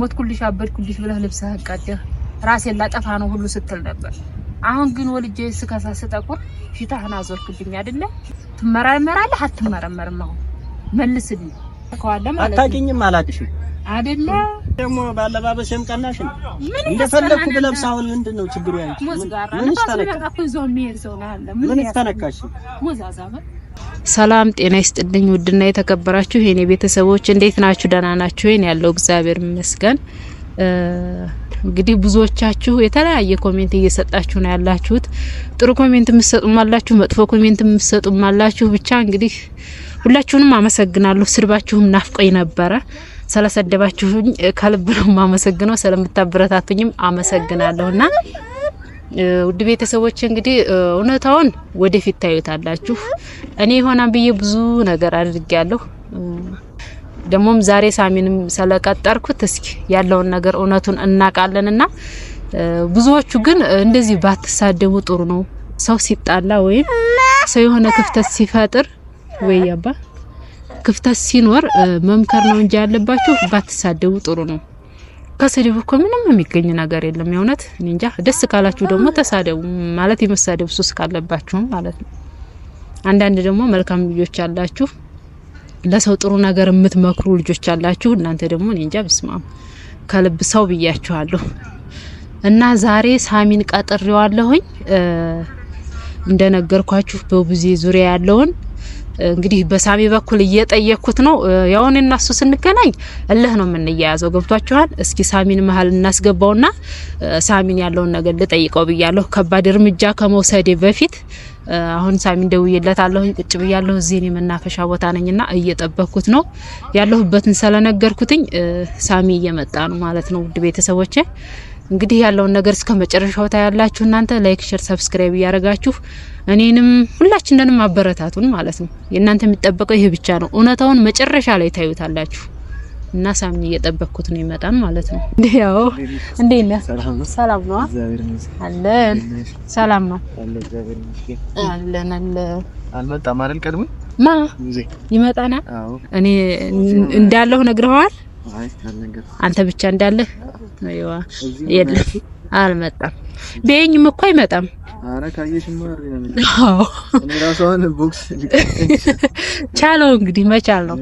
ሞትኩልሽ አበድኩልሽ ብለህ ልብስህ አቃደህ ራሴን ላጠፋ ነው ሁሉ ስትል ነበር። አሁን ግን ወልጄ ስከሳ ስጠቁር ፊትህን አዞርክብኝ አይደለ? ትመረመራለህ አትመረመርም? አሁን መልስልኝ። አታውቂኝም አላውቅሽም አይደለ? ደግሞ ባለባበሴም ቀናሽ ነው። እንደፈለኩ ብለብስ አሁን ምንድን ነው ችግሩ? ያንቺ ምን ተነካሽ? ሰላም ጤና ይስጥልኝ። ውድና የተከበራችሁ የኔ ቤተሰቦች እንዴት ናችሁ? ደህና ናችሁ? ይሄን ያለው እግዚአብሔር ይመስገን። እንግዲህ ብዙዎቻችሁ የተለያየ ኮሜንት እየሰጣችሁ ነው ያላችሁት። ጥሩ ኮሜንት የምትሰጡም አላችሁ፣ መጥፎ ኮሜንት የምትሰጡም አላችሁ። ብቻ እንግዲህ ሁላችሁንም አመሰግናለሁ። ስድባችሁም ናፍቆኝ ነበረ። ስለሰደባችሁኝ ከልብ ነው የማመሰግነው። ስለምታበረታቱኝም አመሰግናለሁና ውድ ቤተሰቦች እንግዲህ እውነታውን ወደፊት ታዩታላችሁ። እኔ ሆና ብዬ ብዙ ነገር አድርጌያለሁ። ደግሞም ዛሬ ሳሚንም ስለቀጠርኩት እስኪ ያለውን ነገር እውነቱን እናውቃለንና ብዙዎቹ ግን እንደዚህ ባትሳደቡ ጥሩ ነው። ሰው ሲጣላ ወይም ሰው የሆነ ክፍተት ሲፈጥር ወይ ያባ ክፍተት ሲኖር መምከር ነው እንጂ ያለባችሁ ባትሳደቡ ጥሩ ነው። ከስድብ እኮ ምንም የሚገኝ ነገር የለም። የእውነት እንጃ። ደስ ካላችሁ ደግሞ ተሳደቡ ማለት የመሳደብ ሱስ ካለባችሁም ማለት ነው። አንዳንድ ደግሞ መልካም ልጆች አላችሁ፣ ለሰው ጥሩ ነገር የምትመክሩ ልጆች አላችሁ። እናንተ ደግሞ እንጃ። ብስማም ከልብ ሰው ብያችኋለሁ። እና ዛሬ ሳሚን ቀጥሬዋለሁኝ እንደነገርኳችሁ በቡዜ ዙሪያ ያለውን እንግዲህ በሳሚ በኩል እየጠየኩት ነው። ያውን እናሱ ስንገናኝ እልህ ነው የምንያያዘው። ገብቷችኋል? እስኪ ሳሚን መሀል እናስገባውና ሳሚን ያለውን ነገር ልጠይቀው ብያለሁ። ከባድ እርምጃ ከመውሰዴ በፊት አሁን ሳሚን ደውዬለታለሁ። ቁጭ ብያለሁ እዚህ እኔ መናፈሻ ቦታ ነኝና እየጠበኩት ነው። ያለሁበትን ስለነገርኩትኝ ሳሚ እየመጣ ነው ማለት ነው። ውድ ቤተሰቦቼ እንግዲህ ያለውን ነገር እስከ መጨረሻው ታያላችሁ። እናንተ ላይክ፣ ሼር፣ ሰብስክራይብ እያደረጋችሁ እኔንም ሁላችንንም አበረታቱን ማለት ነው። የእናንተ የሚጠበቀው ይሄ ብቻ ነው። እውነታውን መጨረሻ ላይ ታዩታላችሁ። እና ሳሚ እየጠበቅኩት ነው ይመጣን ማለት ነው። እንዴ ያው እንዴ ነህ? ሰላም ነው አለን። ሰላም ነው አለን አለን። አልመጣም አይደል? ቀድሞ ማ ይመጣና እኔ እንዳለሁ ነግረዋል አንተ ብቻ እንዳለህ አይዋ የለም፣ አልመጣም። በየኝም እኮ አይመጣም። አረ ካየሽ ቦክስ ቻለው እንግዲህ መቻል ነው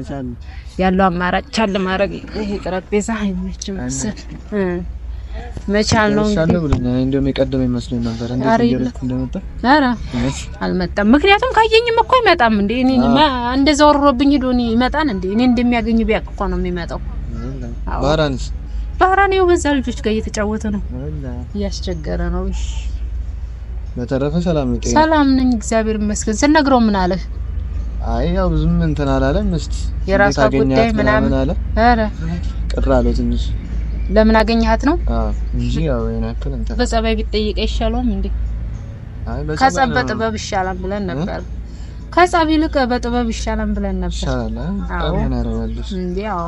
ያለው አማራጭ ቻል ማድረግ። ይሄ ጠረጴዛ አይመችም መቻል ነው ነበር አልመጣም። ምክንያቱም ካየኝም እኮ አይመጣም እንዴ እኔ እንደዛ ወርሮብኝ ሄዶ እኔ ይመጣል እንዴ እኔ እንደሚያገኝ ቢያውቅ እኮ ነው የሚመጣው። ባህራንስ ባህራን ይኸው በዛ ልጆች ጋር እየተጫወተ ነው፣ እያስቸገረ ነው። በተረፈ ሰላም ነው? ሰላም ነኝ እግዚአብሔር ይመስገን። ስነግረው ምን አለ? አይ ያው ብዙም እንትን አላለም። እስቲ የራሷ ጉዳይ ምናምን አለ። አረ ቅር አለ ትንሽ። ለምን አገኘሃት ነው እንጂ ያው እኔ የናክል እንትን በጸባይ ቢጠይቀ ይሻለውም እንዴ? አይ በጸባይ ከጸብ በጥበብ ይሻላል ብለን ነበር። ከጸብ ይልቅ በጥበብ ይሻላል ብለን ነበር። ይሻላል። አዎ እንዴ? አዎ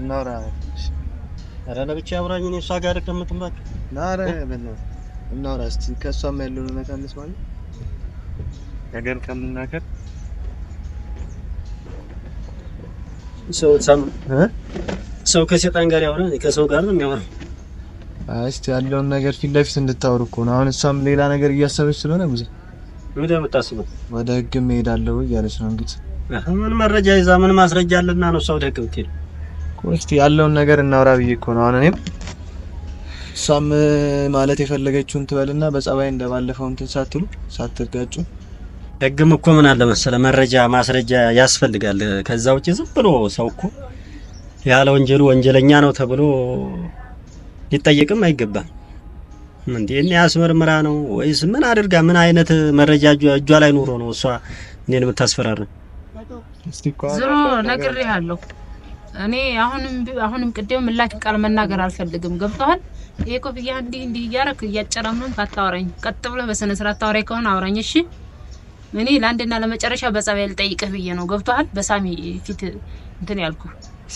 እናውራ። ኧረ ለብቻ እኔ እሷ ጋር እቀምጥባችሁ። እናውራ እስቲ። ከእሷም ያለውን እውነት ነገር ከምናገር ሰው ጋር ከሰው ጋር ነው የሚያወራው። እስቲ ያለውን ነገር ፊት ለፊት እንድታወሩ እኮ ነው። አሁን እሷም ሌላ ነገር እያሰበች ስለሆነ የምታስበው ወደ ህግ እሄዳለሁ እያለች ነው እንግዲህ። ምን መረጃ ይዛ ምን ማስረጃ አለና ነው እሷ ወደ ህግ የምትሄደው? እስቲ ያለውን ነገር እናውራ ብዬ እኮ ነው። አሁን እኔም እሷም ማለት የፈለገችውን ትበልና በጸባይ እንደባለፈው እንትን ሳትሉ ሳትጋጩ ህግም እኮ ምን አለ መሰለ መረጃ ማስረጃ ያስፈልጋል። ከዛ ውጭ ዝም ብሎ ሰው እኮ ያለ ወንጀሉ ወንጀለኛ ነው ተብሎ ሊጠየቅም አይገባም። ምን እኔ ያስመርምራ ነው ወይስ ምን አድርጋ ምን አይነት መረጃ እጇ ላይ ኑሮ ነው እሷ እኔን የምታስፈራራ? ዞሮ ነግሬሃለሁ እኔ አሁንም አሁንም ቅድም ምላሽ ቃል መናገር አልፈልግም። ገብቷል። ይሄ ኮፍያ እንዲህ እንዲህ እያደረክ እያጨረምንም አታወራኝ። ቀጥ ብለህ በስነ ስርዓት ታወራኝ ከሆነ አውራኝ። እሺ እኔ ለአንድና ለመጨረሻ በጸባይ ልጠይቅህ ብዬ ነው። ገብቷል። በሳሚ ፊት እንትን ያልኩ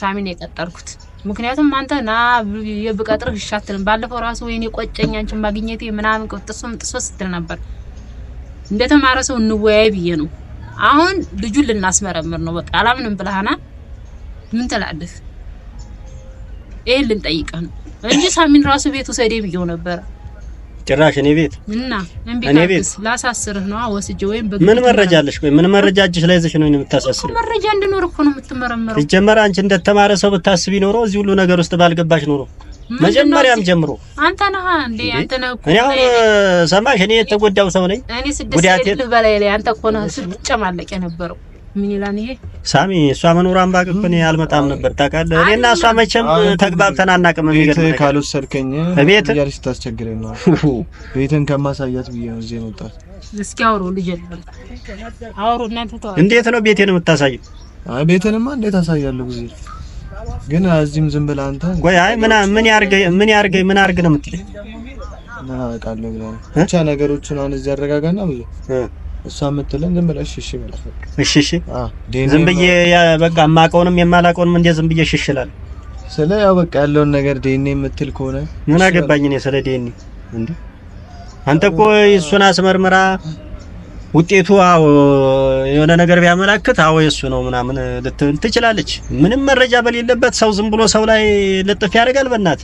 ሳሚን የቀጠርኩት ምክንያቱም አንተ ና የብቀጥርህ እሺ ባለፈው ራሱ ወይኔ ቆጨኝ አንቺን ማግኘቴ ምናምን ቅጥሱም ጥሶ ስትል ነበር። እንደተማረ ሰው እንወያይ ብዬ ነው። አሁን ልጁን ልናስመረምር ነው። በቃ አላምንም ብለሃና ምን ትላለህ? ይሄን ልንጠይቀህ ነው እንጂ ሳሚን ራሱ ቤቱ ውሰዴ ብዬው ነበረ። ጭራሽ እኔ ቤት እና እኔ ቤት ላሳስርህ ነው ወስጄ። ወይም ምን መረጃ አለሽ? ቆይ ምን መረጃ እጅሽ ላይ ይዘሽ ነው የምታሳስሪው? መረጃ እንድኖር እኮ ነው የምትመረመረው። ሲጀመር አንቺ እንደተማረ ሰው ብታስቢ ኖሮ እዚህ ሁሉ ነገር ውስጥ ባልገባሽ ኖሮ መጀመሪያም ጀምሮ አንተ ነህ እንዴ? አንተ ነህ እኮ። እኔ አሁን ሰማሽ፣ እኔ የተጎዳው ሰው ነኝ። እኔ ስድስት ልበላይ ላይ አንተ እኮ ነህ ስትጨማለቅ የነበረው ምን ሳሚ? እሷ መኖሯን ባቅ እኮ እኔ አልመጣም ነበር ታውቃለህ። እኔና እሷ መቼም ተግባብተን አናውቅም። ቤት ካልወሰድከኝ ቤት እያለች ስታስቸግረኝ ነው። ቤትን ከማሳያት ብዬ ነው እዚህ የመጣሁት። እስኪ አውሩ ልጅ አውሩ እናንተ። እንዴት ነው ቤቴን የምታሳየው? አይ ቤትንማ እንዴት አሳያለሁ ጊዜ ግን እዚህም ዝም ብለህ አንተ ቆይ። አይ ምን ምን ያርገኝ ምን ያርገኝ ምን አርግ ነው የምትለኝ? ምን አውቃለሁ ብለህ ነው ብቻ ነገሮችን አሁን እዚህ አረጋጋና ብዙ እሷ የምትለን ዝም ብለሽ እሺ ማለት ነው። እሺ እሺ፣ ዝም ብዬ በቃ የማውቀውንም የማላውቀውንም እንደ ዝም ብዬ ሽሽላል ስለ ያው በቃ ያለውን ነገር ዴኔ የምትል ከሆነ ምን አገባኝ እኔ ስለ ዴኔ። እንዴ አንተ እኮ እሱን አስመርምራ ውጤቱ አዎ የሆነ ነገር ቢያመላክት አዎ የሱ ነው ምናምን ልትል ትችላለች። ምንም መረጃ በሌለበት ሰው ዝም ብሎ ሰው ላይ ልጥፍ ያደርጋል። በእናት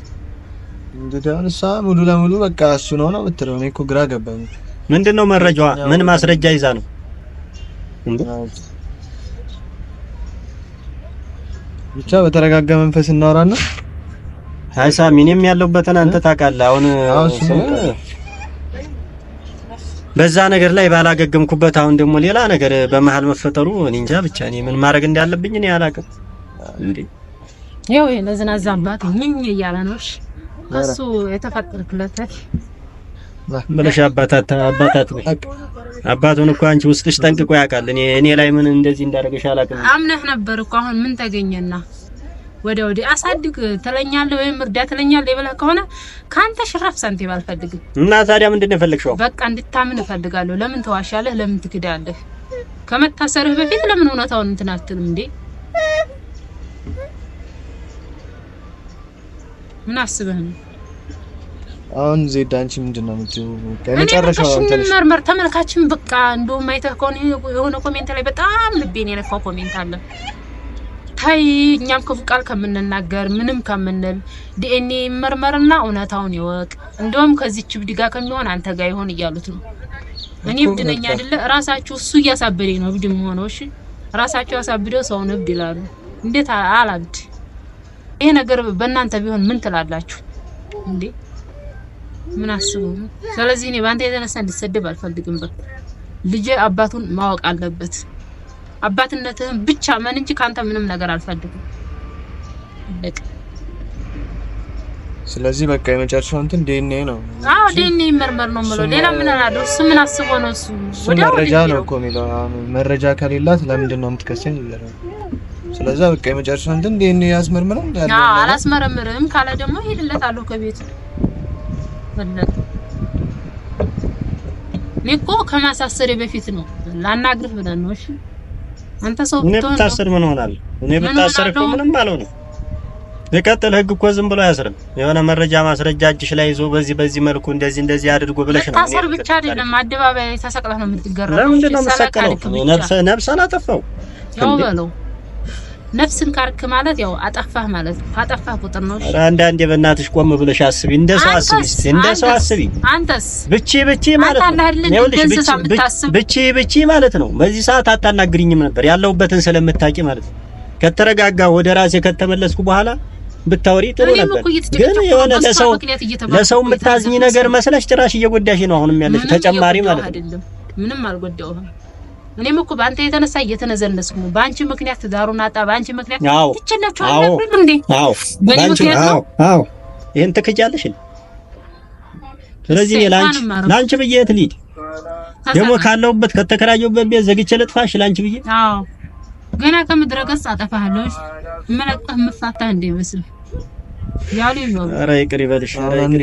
እንግዲህ አሁን እሷ ሙሉ ለሙሉ በቃ እሱ ነው ነው የምትለው። እኔ እኮ ግራ ገባኝ። ምንድን ነው መረጃዋ? ምን ማስረጃ ይዛ ነው? ብቻ በተረጋጋ መንፈስ እናወራና ሀሳብ እኔም ያለሁበትን አንተ ታውቃለህ። አሁን በዛ ነገር ላይ ባላገገምኩበት አሁን ደግሞ ሌላ ነገር በመሀል መፈጠሩ እኔ እንጃ። ብቻ እኔ ምን ማድረግ እንዳለብኝ እኔ አላውቅም። እንዴ ይሄው ለዝናዛባት ምን እያለ ነው እሱ የተፈጠርክለት ብለሽ አባታት አባታት ነው አባቱን እኮ አንቺ ውስጥሽ ጠንቅቆ ያውቃል። እኔ እኔ ላይ ምን እንደዚህ እንዳደረገሽ አላውቅም። አምነህ ነበር እኮ አሁን ምን ተገኘና ወደ ወዲህ አሳድግ ትለኛለህ ወይም እርዳ ትለኛለህ ብለህ ከሆነ ካንተ ሽራፍ ሳንቲም አልፈልግም። እና ታዲያ ምንድን ነው የፈለግሽው? በቃ እንድታምን እፈልጋለሁ። ለምን ተዋሻለህ? ለምን ትክዳለህ? ከመታሰርህ በፊት ለምን እውነታውን እንትን አትልም እንዴ? ምን አስበህ ነው? አሁን ዜድ አንቺ ምንድን ነው የምትይው? ከመጨረሻው መርመር ተመልካችን በቃ እንደውም አይተህ ከሆነ የሆነ ኮሜንት ላይ በጣም ልቤን የነካው ኮሜንት አለ። ታይ እኛም ክፉ ቃል ከምንናገር ምንም ከምንል ዲኤንኤ ይመርመርና እውነታውን ይወቅ። እንደውም ከዚች እብድ ጋር ከሚሆን አንተ ጋር ይሆን እያሉት ነው። እኔ እብድ ነኝ አይደለ? ራሳችሁ እሱ እያሳበደኝ ነው እብድ የምሆነው። እሺ ራሳችሁ ያሳብደው ሰውን እብድ ይላሉ። እንዴት አላብድ? ይሄ ነገር በእናንተ ቢሆን ምን ትላላችሁ እንዴ? ምን አስቡ። ስለዚህ እኔ በአንተ የተነሳ እንዲሰደብ አልፈልግም። በቃ ልጄ አባቱን ማወቅ አለበት። አባትነትህን ብቻ መን እንጂ ካንተ ምንም ነገር አልፈልግም። በቃ ስለዚህ በቃ የመጨረሻው እንትን ዲኤንኤ ነው። አዎ ዲኤንኤ ይመርመር ነው የምለው። ሌላ ምን አላለው። እሱ ምን አስቦ ነው? እሱ መረጃ ነው እኮ የሚለው። መረጃ ከሌላት ለምንድን ነው የምትከሰኝ? ይላል። ስለዚህ በቃ የመጨረሻው እንትን ዲኤንኤ ያስመርምረን። አዎ አላስመረምርም ካለ ደግሞ ሄድለታለሁ ከቤት ወለቱ እኮ ከማሳሰሪ በፊት ነው ላናግርህ ብለን ነው። እሺ አንተ ሰው ብትሆን እኔ ብታሰር ምን ሆናል? እኔ ብታሰር እኮ ምንም ባለው ነው የቀጥል ህግ እኮ ዝም ብሎ አያስርም። የሆነ መረጃ ማስረጃ እጅሽ ላይ ይዞ በዚህ በዚህ መልኩ እንደዚህ እንደዚህ አድርጎ ብለሽ ነው። ታሰር ብቻ አይደለም አደባባይ ተሰቅለህ ነው የምትገረመው። ለምንድን ነው የምትሰቅለው? ነፍስ ነፍስ አላጠፋው ያው በለው ነፍስን ካርክ ማለት ያው አጠፋህ ማለት ነው። አጠፋህ ቁጥር ነው። እሺ አንዳንዴ በእናትሽ ቆም ብለሽ አስቢ፣ እንደ ሰው አስቢ፣ እንደ ሰው አስቢ። አንተስ ብቼ ብቼ ማለት ነው። ብቼ ብቼ ማለት ነው። በዚህ ሰዓት አታናግሪኝም ነበር ያለሁበትን ስለምታቂ ማለት ነው። ከተረጋጋ ወደ ራሴ ከተመለስኩ በኋላ ብታወሪ ጥሩ ነበር። ግን የሆነ ለሰው ለሰው የምታዝኝ ነገር መስለሽ ጭራሽ እየጎዳሽ ነው አሁንም ያለሽ ተጨማሪ ማለት ነው። ምንም አልጎዳሁም። እኔም እኮ በአንተ የተነሳ እየተነዘነስኩ ነው። በአንቺ ምክንያት ትዳሩን አጣ። በአንቺ ምክንያት ትችላቸው አለብን እንዴ? በእኔ ምክንያት ነው። ትክጃለሽ። ስለዚህ ላንቺ ብዬ የት ልሂድ ደግሞ ካለሁበት ከተከራየሁበት ቤት ዘግቼ ልጥፋሽ ላንቺ ብዬ? አዎ ገና ከምድረ ገጽ አጠፋሃለሁ። እመለቅህ የምፋታህ እንደ ይመስል ኧረ ይቅር ይበልሽ።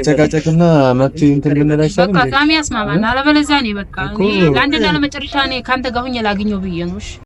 ጨቃጨቅና መብት እንትን ብንል አይሻልም? በቃ ያስማማል። አለበለዚያ እኔ በቃ ለአንድና ለመጨረሻ እኔ ከአንተ ጋር ሁኜ ላግኘው ብዬሽ ነው። እሺ